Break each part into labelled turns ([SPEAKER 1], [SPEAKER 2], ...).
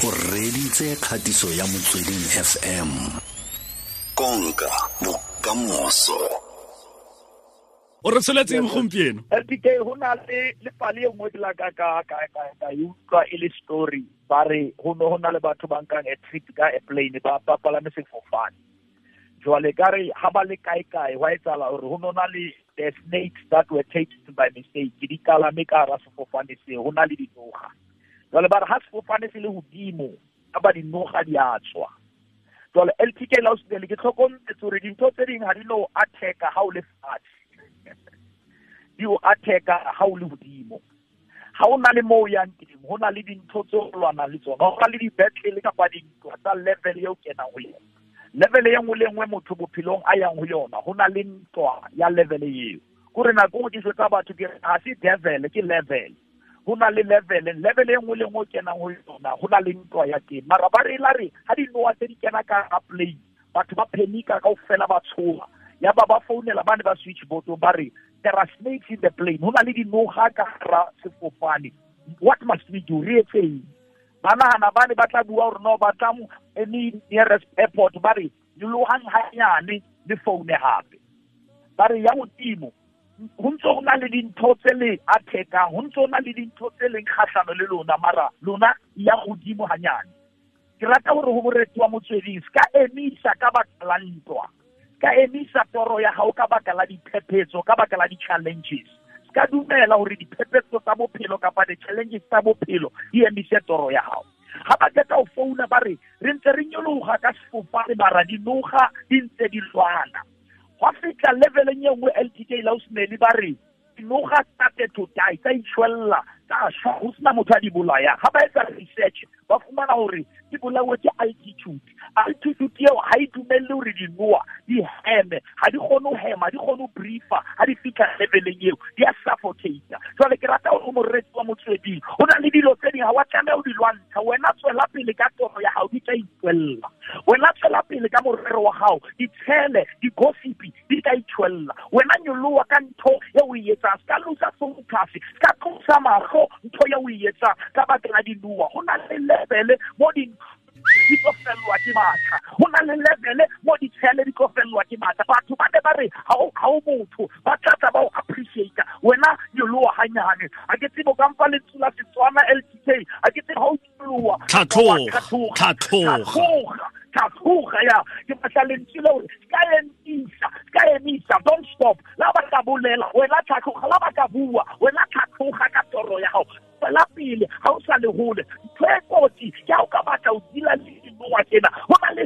[SPEAKER 1] o reditse kgatiso ya motsweding fm konka bokamoso o re tsweletseng gompieno lpk eh, go na le lepale e nngwe ke la ka e utlwa e le story ba re go go na le batho ba nkang a trip ka airplane ba palame sefofane jale kare ga ba le kaekae kae e tsala gore go nona le the snakes that were taken by mistake di kalame ka ara sefofane seo go na le dinoga jwale ba re ha sefofane se le godimo ka ba dinoga di a tswa jwale l t k lausdale ke tlhokometse gore dintho tse dingwe ga di no attack-a ga o le fatshe di o attack ga o le godimo ga o na le mo o yang teng go na le dintho tse o lwanang le tsona go na le dibetlele kapa dintwa tsa level ye o kenang go yona level ye nngwe le nngwe motho bophelong a yang go yona go na le ntwa ya level eo ko re nako e ngwe ke setsa batho ke ga se devele ke level gona na le level levele engwe le engwe o kenang go yona go na le ntwa ya teng mara ba re la re ga dinowa tse di kena ka ga plane batho ba phenika ka go fela ba tshoga ya ba ba founela ba ne ba switch botong ba re there are snakes in the plane go na le dinoga ka gara sefofane what must we do re etseng ba nagana ba ne ba tla bua gore no ba tla any nearest airport ba re nyologang ganyane le foune gape ba re ya godimo go ntse go na le dintho tse le athekang go ntse go na le dintho tse leng kgatlhano le lona mara lona ya godimo ganyane ke rata gore go boretsi wa motsweding se ka emisa ka baka la ntwa ka emisa toro ya gago ka baka la diphephetso ka baka la di-challenges se ka dumela gore diphephetso tsa bophelo kapa di-challenges tsa bophelo di emise toro ya gago ga ba tla ka founa ba re re ntse re nyologa ka sefofa sefofane mara dinoga di ntse di lwana ka leveleng ye nngwe l t k la osmane ba re dinoga tsa petotai tsa itshwelela tsa swa go sena motho a di bolayang ga ba etsa research ba fumana gore di bolawe ke altitude altitude eo ga e dumelele gore dinoa di heme ga di kgone go hema di kgone go briefa ga di fitlha leveleng eo di a suffocata jale ke rata gore moreetsi wa motsweding go e na le dilo tse dingwe ga wa tlameya go di lwantsha wena tswela pele ka toro ya gago di tla itswelela wena tshela pele ka morero wa gago ditshele digosipi di ka itshwella wena nyoloa ka ntho ya o e etsang se ka losa focus se ka tlosa matlho ntho ya o e etsang ka bakeng a dilua go na le lebele mo di ke matlha go na le lebele mo ditshele di tlo ke matlha batho ba ne ba re ga o motho ba tlatsa ba o appreciata wena nyoloa ganyane ga ke tsebo kampa letsola setswana l t k a ke tsebo ga o nyoloa tlhatlhoga uga ya ke batla lentswe gore ka emisa ka emisa don't stop la ba ka bolela wena tlhatlhoga la ba ka bua wena tlhatlhoga ka toro ya gago tswela pele ga o sa le ntho e kotsi ke ga ka batla o dila le tsena go na le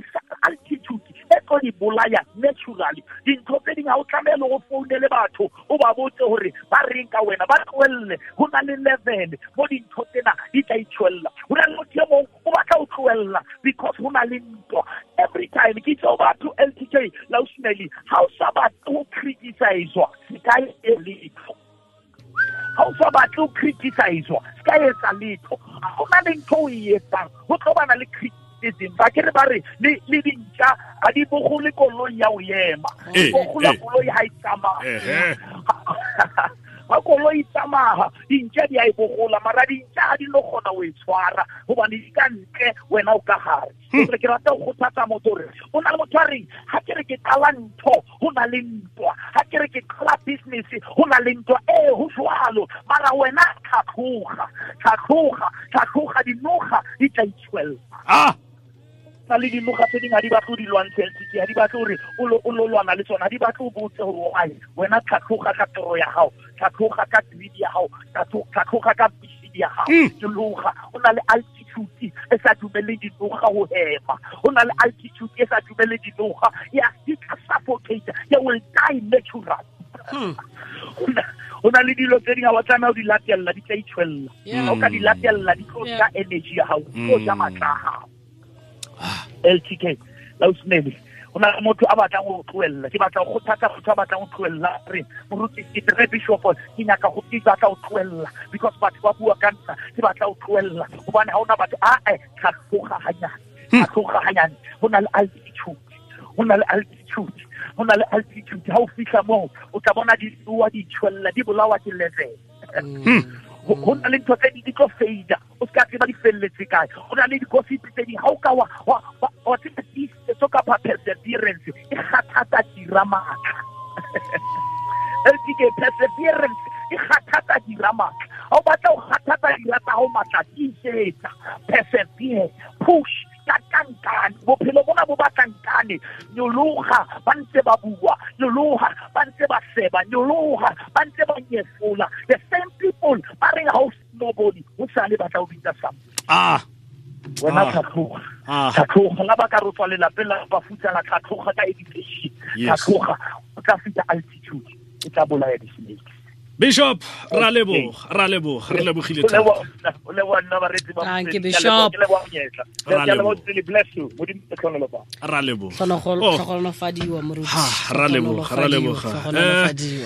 [SPEAKER 1] tlo di bolaya naturally dintho tse ding ga o tlamele go founele batho o ba botse gore ba reng ka wena ba tloelele go na le level mo dintho tsena di tla itshwelela go na le motho e mongwe o batla o tloelela because go na le ntwa every time ke tseo batho l t k lausmeli ga o sa batle go criticizwa se ka e letho ga o sa batle go criticizwa se ka e etsa letho go na le ntho o e etsang go tlo bana le itseng ba kere ba re le dintšha ga di bogole koloi ya o ema eh, bogola eh. koloi ga e tsamaya ga koloi e tsamaya dintšha di a e bogola mara dintšha ga di lo kgona o e tshwara gobane di ka ntle wena o ka gare gore hmm. ke rata go kgothatsa motho gore o na le motho a reng ga ke re ke tala ntho go na le ntwa ga ke re ke tala business go na le ntwa ee eh, go jalo mara wena tlhatlhoga tlhatlhoga tlhatlhoga dinoga di tla itshwella ah! tsa le dinoga tse dingwe ga di batle o di lwantsheng seke ga di batle gore o lo lwana le tsona di batle o botse gore oae wena tlhatlhoga ka toro ya gago tlhatlhoga ka greed ya gago tlhatlhoga ka bisidi ya gago dinoga mm. o na le altitude e sa dumeleng dinoga go hema o na le altitude e sa dumele dinoga ya di suffocate ya will die natural hmm. o na le dilo tse dingwe wa tsamaya o di latelela di tla itshwelela o ka di hmm. latelela di tlo ja energy ya gago di tlo ja maatla a hmm. gago LTK lausmedi go na le motho a batlang go tloelela ke batla go thata motho a batlang go tloelela re morutisi re bishopo ke nyaka go ke batla go tloelela because batho ba bua ka nna ke batla go tloelela gobane ga ona batho ae tlhatlhogaganyane hmm. tlhatlhogaganyane go na le altitude go na le altitude go na le altitude ga o fitlha moo o tla bona diwa di tshwelela di bolawa ke level go hmm. na le ntho tse di tlo faida o se ka tseba di feleletse kae go na le dikosipi tse di ga o ka wa or so kapa perseverance e kgathatsa dira maatla ltk perseverance e kgathatsa dira maatla ga o batla go dira tsa go maatla tiisetsa persevere push ka kankane bophelo bona bo batlankane nyologa ba ntse ba bua nyologa ba ntse ba seba nyologa ba ntse ba nyefola the same people ba reng ga o nobody go sale batla go bitsa something ah wena ah. tlhatlhoga ah. tlhatlhoga la ba ka rotswa lelapeng la ba futsana tlhatlhoga ka education tlhatlhoga o tla fita altitude e tla bolaya di-snake bishop ra leboga ra leboga re lebogile ra leboga ra leboga